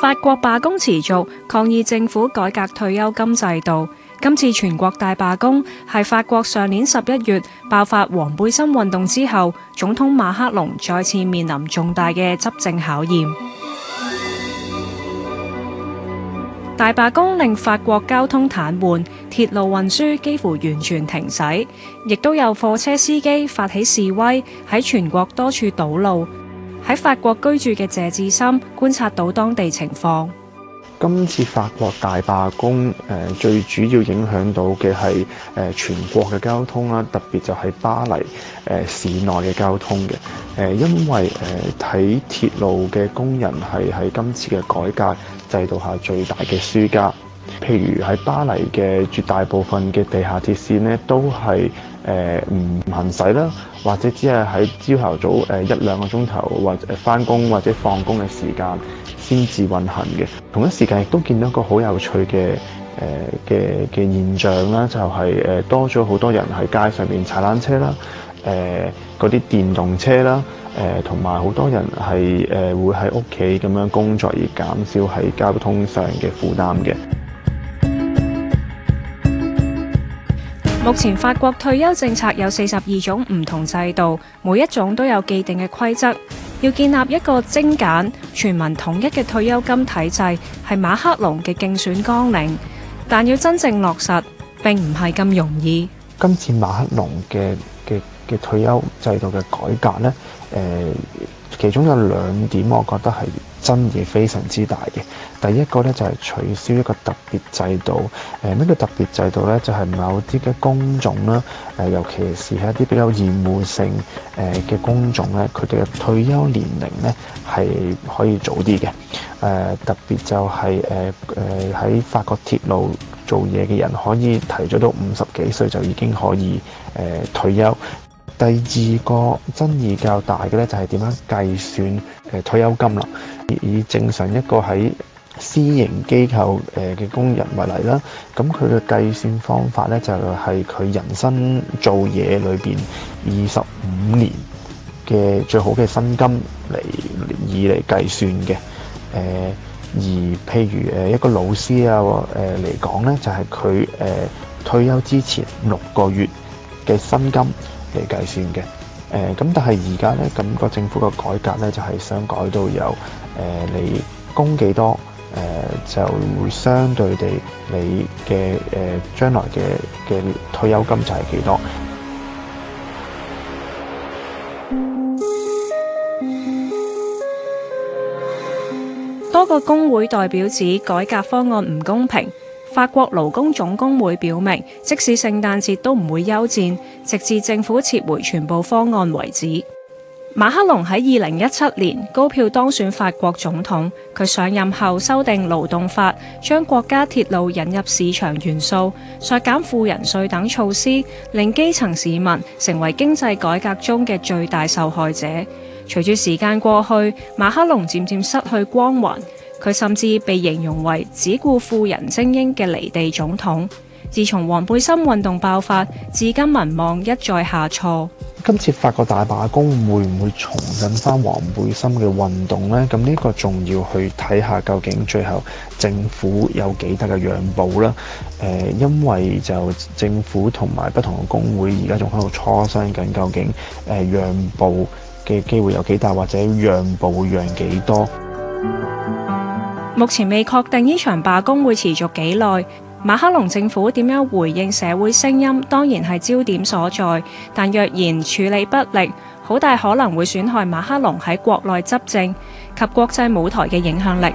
法國罷工持續，抗議政府改革退休金制度。今次全國大罷工，係法國上年十一月爆發黃背心運動之後，總統馬克龍再次面臨重大嘅執政考驗。 大罷工令法國交通癱瘓，鐵路運輸幾乎完全停駛，亦都有貨車司機發起示威，喺全國多處堵路。喺法國居住嘅謝智森觀察到當地情況。今次法國大罷工，誒、呃、最主要影響到嘅係誒全國嘅交通啦，特別就係巴黎誒、呃、市內嘅交通嘅。誒、呃、因為誒睇、呃、鐵路嘅工人係喺今次嘅改革制度下最大嘅輸家，譬如喺巴黎嘅絕大部分嘅地下鐵綫呢都係。誒唔、呃、行駛啦，或者只係喺朝頭早誒一兩個鐘頭或翻工或者放工嘅時間先至運行嘅。同一時間亦都見到一個好有趣嘅誒嘅嘅現象啦，就係、是、誒、呃、多咗好多人喺街上面踩單車啦，誒嗰啲電動車啦，誒同埋好多人係誒、呃、會喺屋企咁樣工作而減少喺交通上嘅負擔嘅。目前法國退休政策有四十二種唔同制度，每一種都有既定嘅規則。要建立一個精簡、全民統一嘅退休金體制，係馬克龍嘅競選綱領，但要真正落實並唔係咁容易。今次馬克龍嘅嘅嘅退休制度嘅改革呢，誒，其中有兩點我覺得係爭議非常之大嘅。第一個咧就係、是、取消一個特別制度，誒、呃，咩、這、叫、個、特別制度呢，就係、是、某啲嘅工種啦，誒、呃，尤其是係一啲比較厭惡性嘅工種呢，佢哋嘅退休年齡呢，係可以早啲嘅、呃。特別就係誒誒喺法國鐵路做嘢嘅人可以提早到五十幾歲就已經可以誒、呃、退休。第二個爭議較大嘅呢，就係點樣計算誒退休金啦。以正常一個喺私營機構誒嘅工人為例啦，咁佢嘅計算方法咧就係、是、佢人生做嘢裏邊二十五年嘅最好嘅薪金嚟以嚟計算嘅。誒、呃，而譬如誒一個老師啊，誒嚟講咧就係佢誒退休之前六個月嘅薪金嚟計算嘅。誒、呃，咁但係而家咧，咁、那個政府嘅改革咧就係、是、想改到有。誒、呃，你供幾多？誒、呃，就會相對地你，你嘅誒將來嘅嘅退休金就係幾多？多個工會代表指改革方案唔公平。法國勞工總工會表明，即使聖誕節都唔會休戰，直至政府撤回全部方案為止。馬克龍喺二零一七年高票當選法國總統，佢上任後修訂勞動法，將國家鐵路引入市場元素，削減富人稅等措施，令基層市民成為經濟改革中嘅最大受害者。隨住時間過去，馬克龍漸漸失去光環，佢甚至被形容為只顧富人精英嘅離地總統。自從黃背心運動爆發至今，民望一再下挫。今次法國大罷工，會唔會重振翻黃背心嘅運動呢？咁呢個仲要去睇下，究竟最後政府有幾大嘅讓步啦？呃，因為就政府同埋不同嘅工會而家仲喺度磋商緊，究竟誒讓步嘅機會有幾大，或者讓步讓幾多？目前未確定呢場罷工會持續幾耐。馬克龍政府點樣回應社會聲音，當然係焦點所在。但若然處理不力，好大可能會損害馬克龍喺國內執政及國際舞台嘅影響力。